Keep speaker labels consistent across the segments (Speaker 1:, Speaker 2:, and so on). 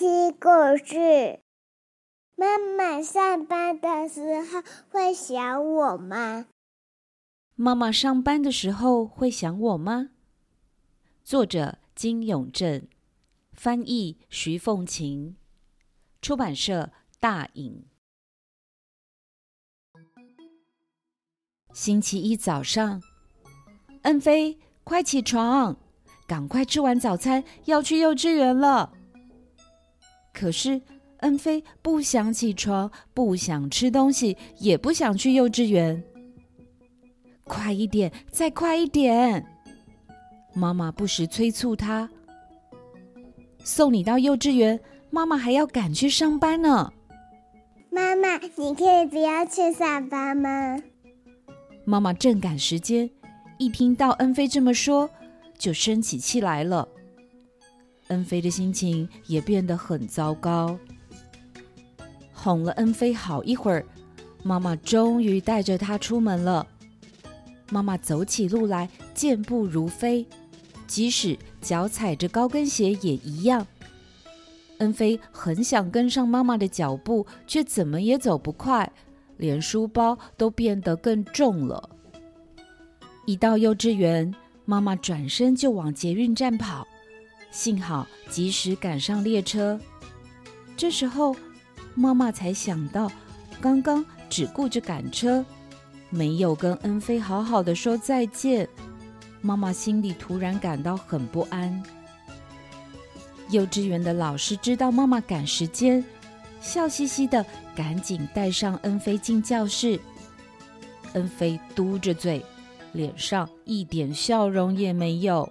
Speaker 1: 聽故事。媽媽上班的時候會想我嗎？媽媽上班的時候會想我嗎？作者：金永鎭，翻譯：徐鳳擎，出版社：大穎。星期一早上，恩菲，快起床！趕快吃完早餐，要去幼稚園了。可是，恩菲不想起床，不想吃東西，也不想去幼稚園。快一點，再快一點！媽媽不時催促她。送你到幼稚園，媽媽還要趕去上班呢。媽媽，你可以不要去上班嗎？媽媽正趕時間，一聽到恩菲這麼說，就生起氣來了。恩飛的心情也變得很糟糕。哄了恩飛好一會兒，媽媽終於帶着她出門了。媽媽走起路來健步如飛，即使腳踩着高跟鞋也一樣。恩飛很想跟上媽媽的腳步，卻怎麼也走不快，連書包都變得更重了。一到幼稚園，媽媽轉身就往捷運站跑。幸好及時趕上列車，這時候媽媽才想到，剛剛只顧着趕車，沒有跟恩妃好好的說再見。媽媽心裡突然感到很不安。幼稚園的老師知道媽媽趕時間，笑嘻嘻的趕緊帶上恩妃進教室。恩妃嘟着嘴，臉上一點笑容也沒有。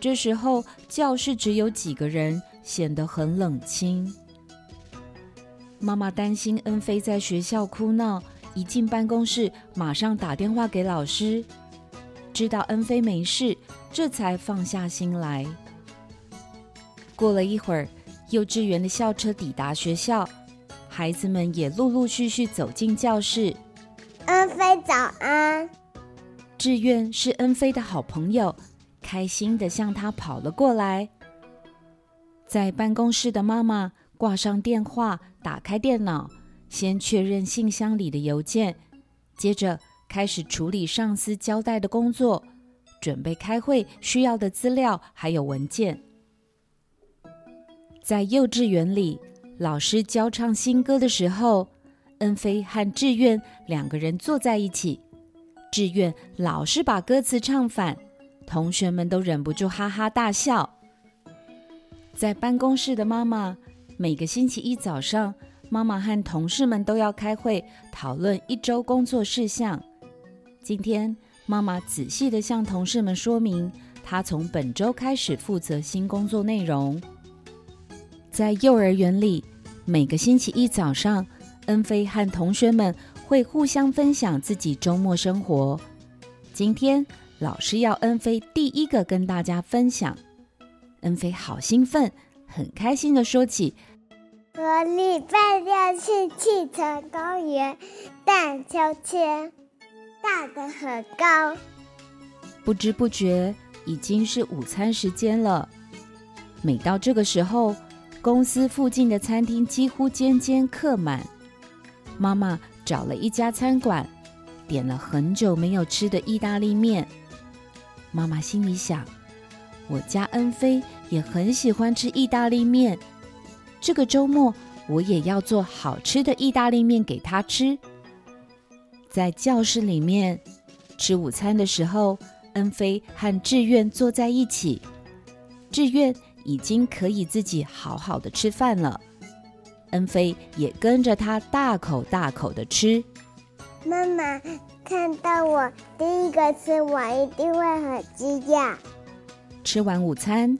Speaker 1: 這時候，教室只有幾個人，顯得很冷清。媽媽擔心恩菲在學校哭鬧，一進辦公室馬上打電話給老師，知道恩菲沒事，這才放下心來。過了一會兒，幼稚園的校車抵達學校，孩子們也陸陸續續走進教室。恩菲，早安！志願是恩菲的好朋友。開心地向他跑了過來。在辦公室的媽媽掛上電話，打開電腦，先確認信箱裡的郵件，接着開始處理上司交代的工作，準備開會需要的資料還有文件。在幼稚園裡，老師教唱新歌的時候，恩菲和志願兩個人坐在一起，志願老是把歌詞唱反。同學們都忍不住哈哈哈哈大笑。在辦公室的媽媽，每個星期一早上，媽媽和同事們都要開會討論一周工作事項。今天，媽媽仔細地向同事們說明，她從本周開始負責新工作內容。在幼兒園裡，每個星期一早上，恩菲和同學們會互相分享自己周末生活。今天。老師要恩菲第一個跟大家分享，恩菲好興奮，很開心的說起：“我禮拜六去汽車公園盪秋千，盪得很高。”不知不覺已經是午餐時間了。每到這個時候，公司附近的餐廳幾乎間間客滿。媽媽找了一家餐館，點了很久沒有吃的意大利麵。媽媽心裡想：“我家恩菲也很喜歡吃意大利麵，這個周末我也要做好吃的意大利麵給他吃。”在教室裡面吃午餐的時候，恩菲和志願坐在一起，志願已經可以自己好好的吃飯了，恩菲也跟着他大口大口的吃。媽媽看到我第一個吃，我一定會很驚訝。吃完午餐，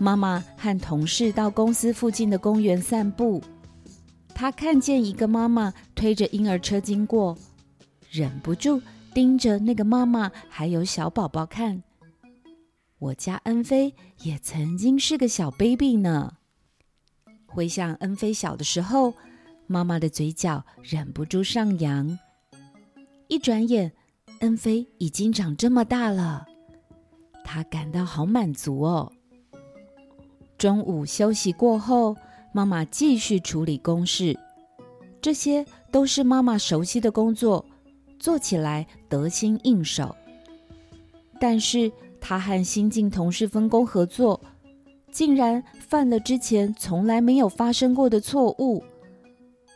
Speaker 1: 媽媽和同事到公司附近的公園散步。她看見一個媽媽推着嬰兒車經過，忍不住盯着那個媽媽還有小寶寶看。我家恩菲也曾經是個小 baby 呢。回想恩菲小的時候，媽媽的嘴角忍不住上揚。一轉眼，恩菲已經長這麼大了，她感到好滿足哦。中午休息過後，媽媽繼續處理公事，這些都是媽媽熟悉的工作，做起來得心應手。但是她和新晉同事分工合作，竟然犯了之前從來沒有發生過的錯誤，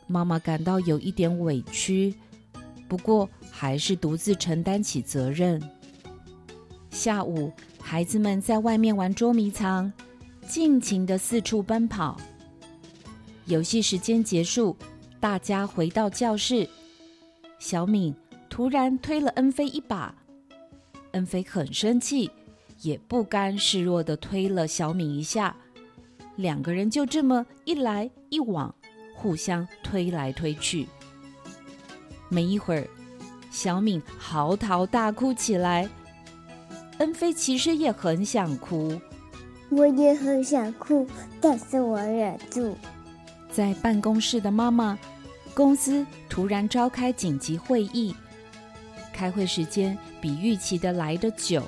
Speaker 1: 媽媽感到有一點委屈。不過，還是獨自承擔起責任。下午，孩子們在外面玩捉迷藏，盡情地四處奔跑。遊戲時間結束，大家回到教室。小敏突然推了恩菲一把，恩菲很生氣，也不甘示弱地推了小敏一下。兩個人就這麼一來一往，互相推來推去。沒一會兒，小敏嚎啕大哭起來。恩菲其實也很想哭，我也很想哭，但是我忍住。在辦公室的媽媽，公司突然召開緊急會議，開會時間比預期的來得久。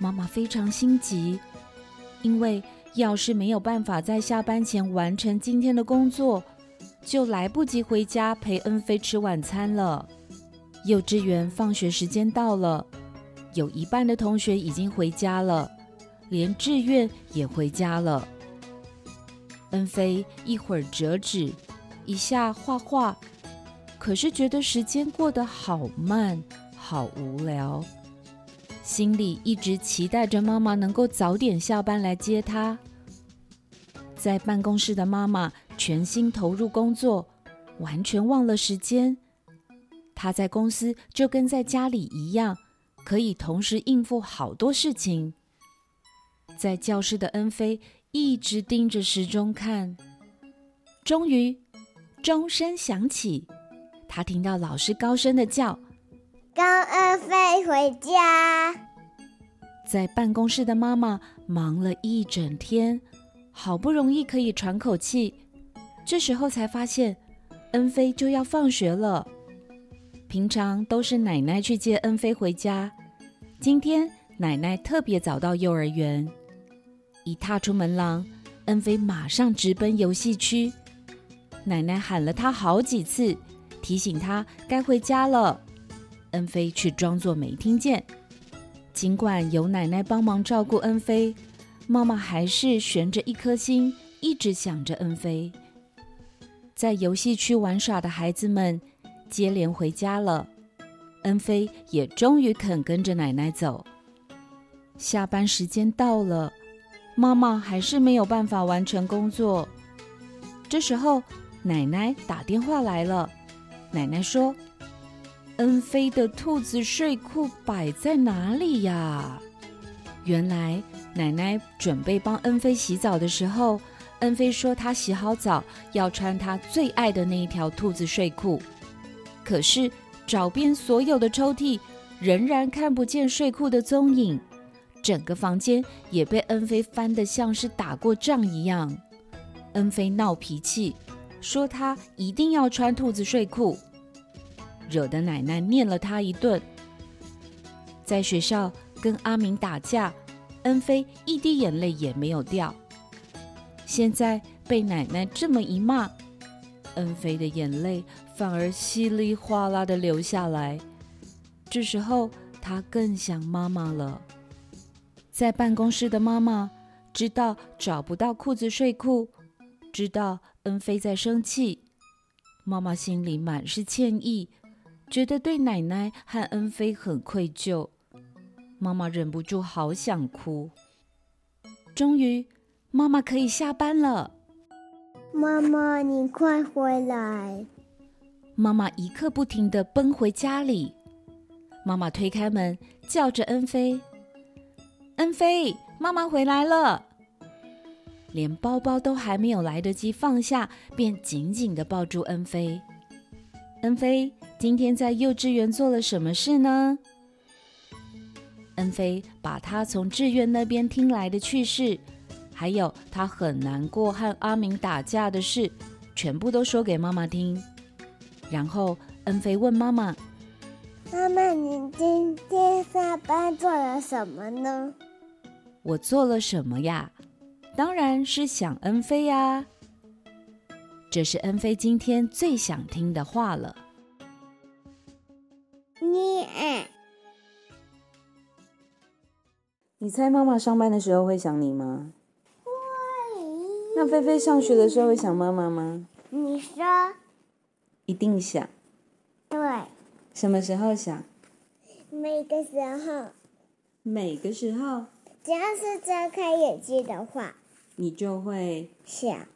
Speaker 1: 媽媽非常心急，因為要是沒有辦法在下班前完成今天的工作。就來不及回家陪恩飛吃晚餐了。幼稚園放學時間到了，有一半的同學已經回家了，連志願也回家了。恩飛一會兒折紙，一下畫畫，可是覺得時間過得好慢，好無聊，心裡一直期待着媽媽能夠早點下班來接她。在辦公室的媽媽。全心投入工作，完全忘了時間。他在公司就跟在家裡一樣，可以同時應付好多事情。在教室的恩菲一直盯着時鐘看，終於鐘聲響起，他聽到老師高聲的叫：“高恩菲回家！”在辦公室的媽媽忙了一整天，好不容易可以喘口氣。這時候才發現，恩菲就要放學了。平常都是奶奶去接恩菲回家，今天奶奶特別早到幼兒園。一踏出門廊，恩菲馬上直奔遊戲區。奶奶喊了她好幾次，提醒她該回家了，恩菲卻裝作沒聽見。儘管有奶奶幫忙照顧恩菲，媽媽還是懸着一顆心，一直想着恩菲。在遊戲區玩耍的孩子們接連回家了，恩菲也終於肯跟着奶奶走。下班時間到了，媽媽還是沒有辦法完成工作。這時候，奶奶打電話來了。奶奶說：“恩菲的兔子睡褲擺在哪裡呀？”原來，奶奶準備幫恩菲洗澡的時候，恩飛說，他洗好澡，要穿他最愛的那一條兔子睡褲。可是找遍所有的抽屜，仍然看不見睡褲的蹤影。整個房間也被恩飛翻得像是打過仗一樣。恩飛鬧脾氣，說他一定要穿兔子睡褲，惹得奶奶念了他一頓。在學校跟阿明打架，恩飛一滴眼淚也沒有掉。現在被奶奶這麼一罵，恩菲的眼淚反而稀里嘩啦的流下來。這時候，她更想媽媽了。在辦公室的媽媽知道找不到褲子睡褲，知道恩菲在生氣，媽媽心裡滿是歉意，覺得對奶奶和恩菲很愧疚。媽媽忍不住好想哭。終於。媽媽可以下班了，媽媽，你快回來！媽媽一刻不停地奔回家裡。媽媽推開門，叫着恩菲：“恩菲，媽媽回來了！”連包包都還沒有來得及放下，便緊緊地抱住恩菲。恩菲，今天在幼稚園做了什麼事呢？恩菲把他從志願那邊聽來的趣事。還有他很難過和阿明打架的事，全部都說給媽媽聽。然後恩菲問媽媽：“媽媽，你今天上班做了什麼呢？”“我做了什麼呀？當然是想恩菲呀。”這是恩菲今天最想聽的話了。你、啊？你猜媽媽上班的時候會想你嗎？那菲菲上學的時候會想媽媽嗎？你說。一定想。對。什麼時候想？每個時候。每個時候。只要是睜開眼睛的話，你就會想。